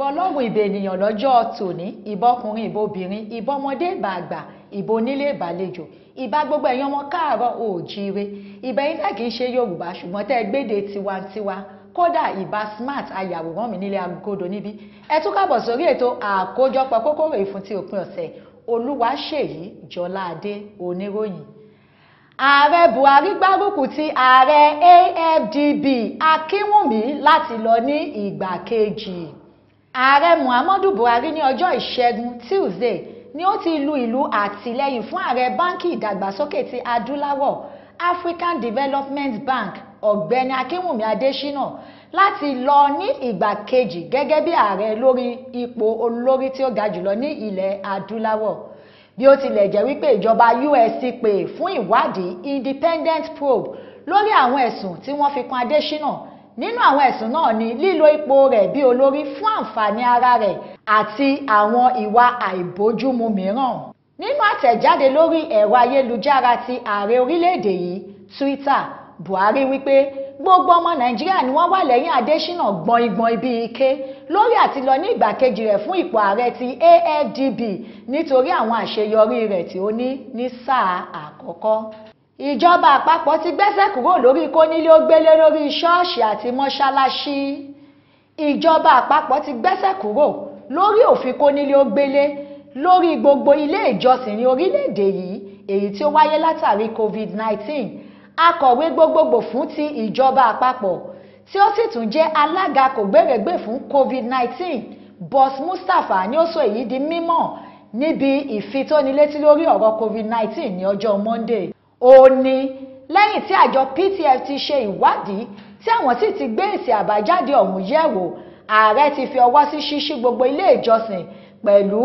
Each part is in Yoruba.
ìbọn lọ́wọ́ ìbò ènìyàn lọ́jọ́ tòní ìbọn ọkùnrin ìbọn obìnrin ìbọn ọmọdé ìbàgbà ìbò onílé ìbàlejò ìbá gbogbo ẹ̀yin ọmọ káàárọ̀ oòjíire ìbá yín náà kì í ṣe yorùbá ṣùgbọ́n tẹ́ ẹ gbéde tiwantiwa kódà ìbá smart ayàwòrán mi nílé agodo níbí ẹ tún káàbọ̀ sórí ètò àkójọpọ̀ kókóró ìfún ti òpin ọ̀sẹ̀ olúwaṣèyí jọládé oníròyìn ààrẹ buhari gbárùkù ti ààrẹ afdb akínwùmí láti lọ ní ìgbà kejì ààrẹ muhammadu buhari ní ọjọ́ ìṣẹ́gun tuesday ni ó ti lu ìlú àtìlẹ́yìn fún ààrẹ báńkì ìdàgbàsókè ti adúláwọ̀ african development bank ọ̀gbẹ́ni akínwùmí adésínà láti lọ ní ìgbà kejì gẹ́gẹ́ bí ààrẹ lórí ipò olórí tí ó ga jùlọ ní ilẹ̀ adúláwọ̀ bí ó tilẹ̀ jẹ́ wípé ìjọba usc pè fún ìwádìí independent probe lórí àwọn ẹ̀sùn tí wọ́n fi kan adésínà nínú àwọn ẹ̀sùn náà ni lílo ipò rẹ̀ bí olórí fún àǹfààní ara rẹ̀ àti àwọn ìwà àìbójúmu mìíràn nínú àtẹ̀jáde lórí ẹ̀rọ ayélujára ti ààrẹ orílẹ̀-èdè yìí Twitter Buhari wípé gbogbo ọmọ Nàìjíríà ni wọ́n wà lẹ́yìn Adésínà gbọ̀ngbọ̀n ibi ike lórí àti lọ ní ìgbàkejì rẹ̀ fún ipò ààrẹ ti AFDB nítorí àwọn àṣeyọrí rẹ̀ tí ó ní ní sáà àkọ́kọ́ ìjọba àpapọ̀ ti gbẹ́sẹ̀ kúrò lórí kónílé ó gbélé lórí ṣọ́ọ̀ṣì àti mọ́ṣáláṣí ìjọba àpapọ̀ ti gbẹ́sẹ̀ kúrò lórí òfin kónílé ó gbélé lórí gbogbo ilé ìjọsìn ní orílẹ̀-èdè yìí èyí tí ó wáyé látàrí covid-19 akọ̀wé gbogbogbò fún ti ìjọba àpapọ̀ tí ó sì tún jẹ́ alága kògbérègbè fún covid-19 Boss Mustapha ni ó sọ èyí di mímọ̀ níbi ìfitónilétí lórí ọ̀rọ̀ covid-19 ní ọjọ́ Monday ó ní lẹ́yìn tí àjọ PTF ti ṣe ìwádìí tí àwọn sì ti gbé èsì àbájáde ọ̀hún yẹ̀wò ààrẹ ti fi ọwọ́ sí ṣíṣí gbogbo ilé ìjọsìn pẹ̀lú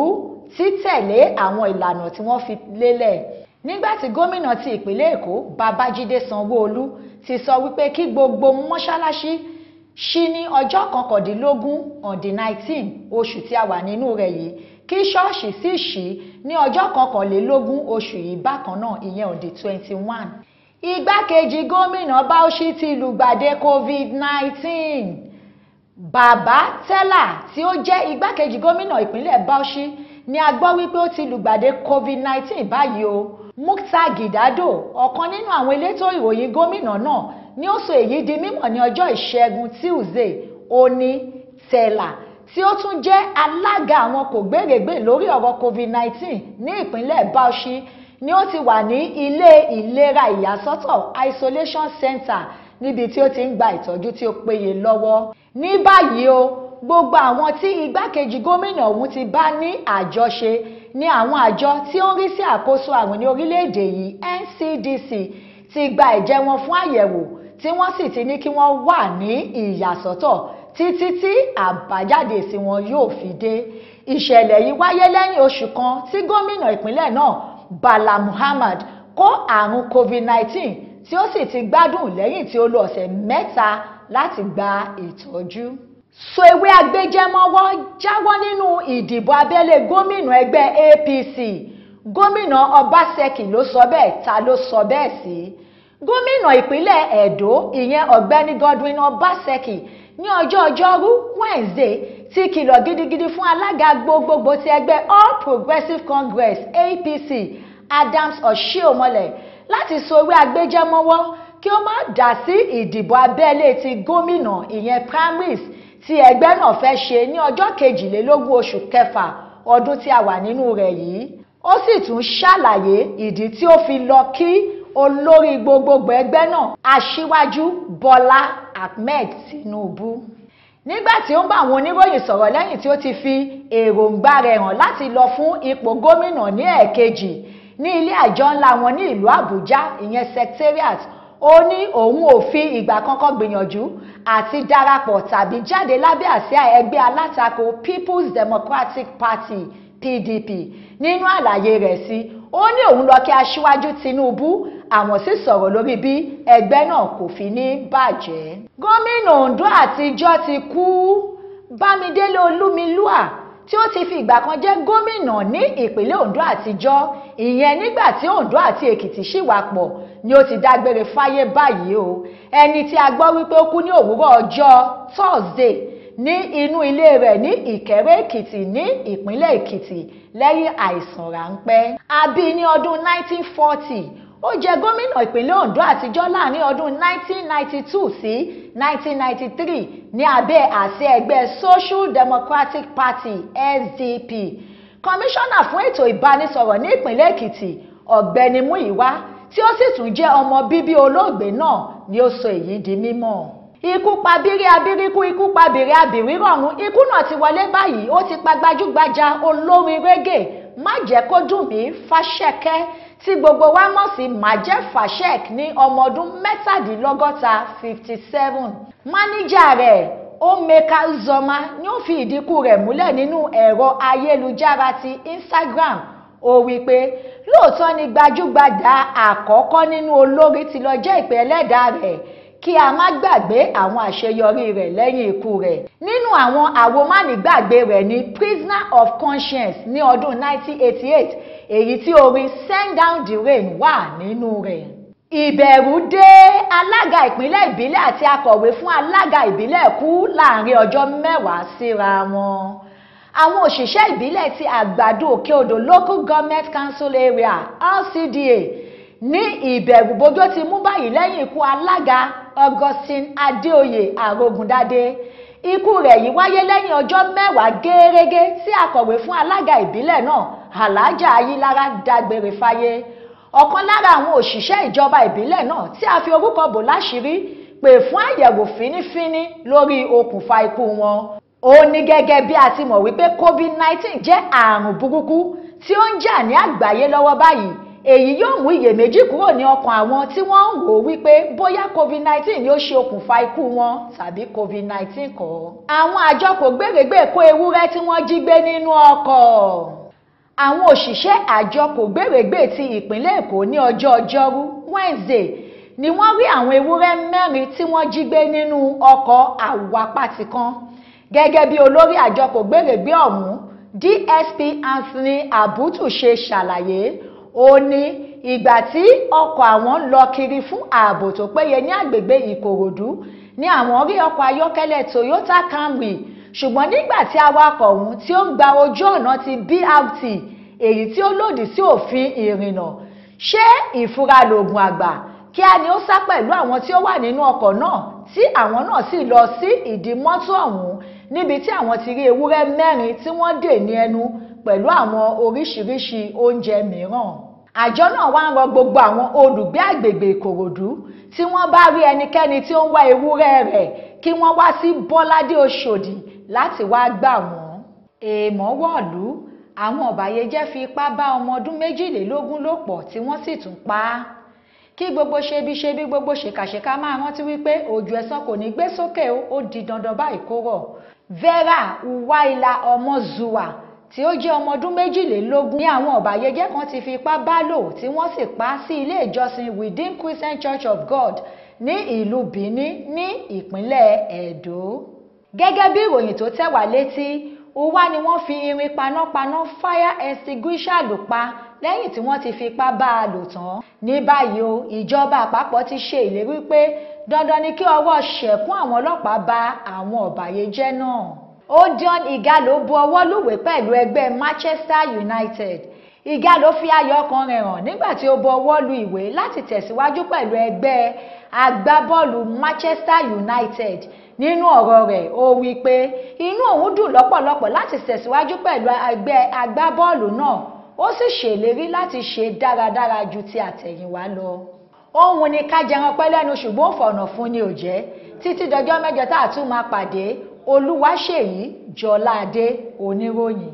títẹ̀lé àwọn ìlànà tí wọ́n fi lélẹ̀ nígbà tí gómìnà ti ìpínlẹ̀ Èkó Babájídé Sanwó-Olú ti sọ wípé kí gbogbo mọ́ṣáláṣí ṣí ní ọjọ́ kọkàndínlógún on the nineteen oṣù tí a wà nínú rẹ̀ yìí kí ṣọ́ọ̀ṣì sì ṣí ní ọjọ́ kọkànlélógún oṣù yìí bákan náà ìyẹn on the twenty one igbákejì gómìnà Bauchi ti lùgbàdé covid nineteen. bàbá tẹ́lá tí ó jẹ́ igbákejì gómìnà ìpínlẹ̀ Bauchi ni a gbọ́ wípé ó ti lùgbàdé COVID-19 báyìí o Mukta Gidado ọ̀kan nínú àwọn elétò ìròyìn gómìnà náà ni ó sọ èyí di mímọ̀ ní ọjọ́ ìṣẹ́gun Tuesday ó ní tí ó tún jẹ́ alága àwọn kògbérègbè lórí ọ̀rọ̀ covid-19 ní ìpínlẹ̀ Bauchi ni ó ti wà ní ilé ìlera ìyàsọ́tọ̀ isolation center níbi tí ó ti ń gba ìtọ́jú tí ó péye lọ́wọ́ ní báyìí o gbogbo àwọn tí igbákejì gómìnà ọ̀hún ti bá ní àjọṣe ni àwọn àjọ tí ó ń rí sí àkóso àrùn ní orílẹ̀-èdè yìí NCDC ti gba ẹ̀jẹ̀ wọn fún àyẹ̀wò tí wọ́n sì ti ní kí wọ́n wà ní ìyàsọ́tọ̀ títí tí àbájáde èsì wọn yóò fi dé ìṣẹ̀lẹ̀ yìí wáyé lẹ́yìn oṣù kan tí gómìnà ìpínlẹ̀ náà Bala Muhammad kó àrùn COVID-19 tí ó sì ti gbádùn lẹ́yìn tí ó lo ọ̀sẹ̀ mẹ́ta láti gba ìtọ́jú. Sowé Agbẹjẹmọ́wọ́ jáwọ́ nínú ìdìbò abẹ́lé gómìnà ẹgbẹ́ APC gómìnà Ọbaṣẹ́kì ló sọ bẹ́ẹ̀ ta ló sọ bẹ́ẹ̀ sí gómìnà ìpínlẹ̀ Ẹ̀dó ìyẹn ọ̀gbẹ́ni Godwin Ọbaṣẹ́kì ní ọjọ́ ọjọ́rú Wednesday ti kìlọ̀ gidigidi fún alága gbogbogbò ti ẹgbẹ́ All Progressive Congress APC Adams Oshiomhole láti so ewé agbẹjẹmọ́wọ́ kí ó má dá sí ìdìbò abẹ́lé ti gómìnà ìyẹn primaries tí ẹgbẹ́ náà fẹ́ ṣe ní ọjọ́ kejìlélógún oṣù kẹfà ọdún tí a wà nínú rẹ̀ yìí ó sì tún ṣàlàyé ìdí tí ó fi lọ kí olórí gbogbogbò ẹgbẹ́ náà aṣíwájú Bọ́lá Ahmed Tinubu nígbà tí ó ń bá àwọn oníròyìn sọ̀rọ̀ lẹ́yìn tí ó ti fi èròǹgbà rẹ̀ hàn láti lọ fún ipò gómìnà ní ẹ̀ẹ̀kejì ní ilé àjọ ńlá wọn ní ìlú Àbújá ìyẹn secretariat ó ní òun ò fi ìgbà kankan gbìyànjú àti darapọ̀ tàbí jáde lábẹ́ àsíá ẹgbẹ́ alátakò People's Democratic Party PDP nínú àlàyé rẹ̀ sí ó ní òun lọ kí aṣíwájú Tinubu àwọn sì sọ̀rọ̀ lórí bí ẹgbẹ́ náà kò fi ní bàjẹ́. gómìnà Ondo àtijọ́ ti kú Bámidélé Olúmilúà tí ó ti fi ìgbà kan jẹ́ gómìnà ní ìpínlẹ̀ Ondo àtijọ́ ìyẹn nígbà tí Ondo àti Èkìtì ṣì wà pọ̀ ni ó ti dágbére fáyé báyìí o ẹni tí a gbọ́ wípé ó kú ní òwúrọ̀ ọjọ́ Thursday ní inú ilé rẹ̀ ní Ìkẹ́rẹ́ Èkìtì ní ìpínlẹ̀ Èkìtì lẹ́yìn àìsàn ráńpẹ́ a bí ní ọdún 1940 ó jẹ gómìnà ìpínlẹ̀ Ondo àtijọ́ láàrin ọdún 1992 sí 1993 ní abẹ́ àṣẹ ẹgbẹ́ Social Democratic Party SDP kọmíṣánná fún ètò ìbánisọ̀rọ̀ ní ìpínlẹ̀ Èkìtì ọ̀gbẹ́ni Múyìwá tí ó sì tún jẹ́ ọmọ bíbí olóògbé náà ni ó sọ èyí di mímọ̀ ikú pabiri abiriku ikú pabiri abirírọ̀run ikú náà ti wọlé báyìí ó ti pa gbajúgbajà olórin régè má jẹ́ tí gbogbo wa mọ̀ sí Majed Fashek ní ọmọ ọdún mẹ́tàdínlọ́gọ́ta fifty seven máníjà rẹ̀ Omeka Uzoma ni ó fi ìdínkù rẹ̀ múlẹ̀ nínú ẹ̀rọ ayélujára ti Instagram ó wí pé lóòótọ́ ni gbajúgbajà àkọ́kọ́ nínú olórí ti lọ jẹ́ ìpè ẹlẹ́dàá rẹ̀ kí a má gbàgbé àwọn àṣeyọrí rẹ̀ lẹ́yìn ikú rẹ̀. nínú àwọn àwòmánìgbàgbé rẹ̀ ni prisoner of conscience ní ọdún eight èyí tí orin send down the rain wà nínú rẹ̀. ìbẹ̀rù dé alága ìpínlẹ̀ ìbílẹ̀ àti akọ̀wé fún alága ìbílẹ̀ kú láàrin ọjọ́ mẹ́wàá síra wọn. àwọn òṣìṣẹ́ ìbílẹ̀ ti àgbàdo òkè odò local government council area lcda ní ìbẹ̀rùbojo ti mú báyìí lẹ́yìn ikú alága augustine adéoyè àrògùndádé ikú rẹ̀ yìí wáyé lẹ́yìn ọjọ́ mẹ́wàá gẹ́rẹ́gẹ́ tí akọ̀wé fún alága ìbílẹ̀ náà alhaja ayilara dágbére fáyé ọ̀kan lára àwọn òṣìṣẹ́ ìjọba ìbílẹ̀ náà tí a fi orúkọ bò láṣìírí pè fún àyẹ̀wò fínífíní lórí okùnfà ikú wọn ó ní gẹ́gẹ́ bí a ti mọ̀ wípé covid-19 jẹ́ àrùn burúkú tí ó ń jà ní àgbáyé lọ́wọ́ báyìí èyí yóò mú iyèméjì kúrò ní ọkàn àwọn tí wọ́n ń wò wípé bóyá covid nineteen yóò ṣe okùnfà ikú wọn tàbí covid nineteen kọ́. àwọn àjọ kò gbèrègbè kó ewúrẹ́ tí wọ́n jí gbé nínú ọkọ̀ àwọn òṣìṣẹ́ àjọ kò gbèrègbè ti ìpínlẹ̀ èkó ní ọjọ́ ọjọ́rú wednesday ni wọ́n rí àwọn ewúrẹ́ mẹ́rin tí wọ́n jí gbé nínú ọkọ̀ àwàpàtì kan gẹ́gẹ́ bí olórí àjọ kò gbèrègbè ọ̀hún dsp anthony abutu ṣe ṣàlàyé ó ní ìgbà tí ọkọ̀ àwọn lọ kiri fún ààbò tó péye ní àgbègbè ìkòròdú ní àwọn rí ọkọ̀ ayọ́kẹ́lẹ́ toyota camry ṣùgbọ́n nígbà tí awakọ̀ ọ̀hún tí ó ń gba ojú ọ̀nà ti brt èyí tí ó lòdì sí òfin ìrìnnà ṣé ìfura lògùn àgbà kíá ni ó sá pẹ̀lú àwọn tí ó wà nínú ọkọ̀ náà tí àwọn náà sì lọ sí ìdí mọ́tò ọ̀hún níbi tí àwọn ti rí ewúrẹ́ mẹ́rin tí wọ́n dè ní ẹnu pẹ̀lú àwọn oríṣiríṣi oúnjẹ mìíràn àjọ náà wá ń rọ gbogbo àwọn olùgbé àgbègbè ìkòròdú tí wọ́n bá rí ẹnikẹ́ni tí ó ń wá ewúrẹ́ rẹ̀ kí wọ́n wá sí bọ́ládé ọ̀ṣọ́dì láti wá gbà wọ́n. èèmọ̀ wọ̀lú àwọn ọ̀bàyéjẹ́ fi ipá bá ọmọ ọdún méjìlélógún lò pọ̀ tí wọ́n sì tún pa á. kí gbogbo ṣebíṣebí gbogbo ṣèkàṣèkà máa rántí wípé òjò ẹ̀san kò ní gbé sókè ó di dandan báyìí kó rọ̀. Vera Uwaila Ọmọzuwa tí ó jẹ́ ọmọ ọdún méjìlélógún ní àwọn ọ̀bàyéjẹ́ kan ti fi ipá bá lò tí wọ́n sì pa á sí ilé ìjọsìn Redeem Christian Church of God ní ìlú Benin ní ìpínlẹ̀ edo. gẹ́gẹ́ bí ìròyìn tó tẹ̀ wá létí uwá ni wọ́n fi irin panápaná fire extinguisher lò pa lẹ́yìn tí wọ́n ti fi ipá bá a lò tán ní báyìí o ìjọba àpapọ̀ ti ṣe ìlérí pé dandan ni kí ọwọ́ ṣẹ̀kún àwọn ọlọ́pàá bá àwọn ọ̀bàyéjẹ́ náà. Odion Ighalo bu ọwọ́ lùwé pẹ̀lú ẹgbẹ́ Manchester United igalo fi ayọ̀ ọkàn rẹ̀ hàn nígbà tí ó bu ọwọ́ lu ìwé láti tẹ̀síwájú pẹ̀lú ẹgbẹ́ agbábọ́ọ̀lù Manchester United nínú ọ̀rọ̀ rẹ̀ ó wí pé inú òun dùn lọ́pọ̀lọpọ̀ láti tẹ̀síwájú pẹ̀lú ẹgbẹ́ agbábọ́ọ̀lù náà ó sì ṣèlérí láti ṣe dáradára ju ti àtẹ̀yìnwá lọ òun ni ká jẹran pẹ́ lẹ́nu ṣùgbọ́n fọ̀nà fún ni ò jẹ́ títí dọjọ́ mẹ́jọ tá a tún máa pàdé Olúwaṣèyí Jọládé oníròyìn.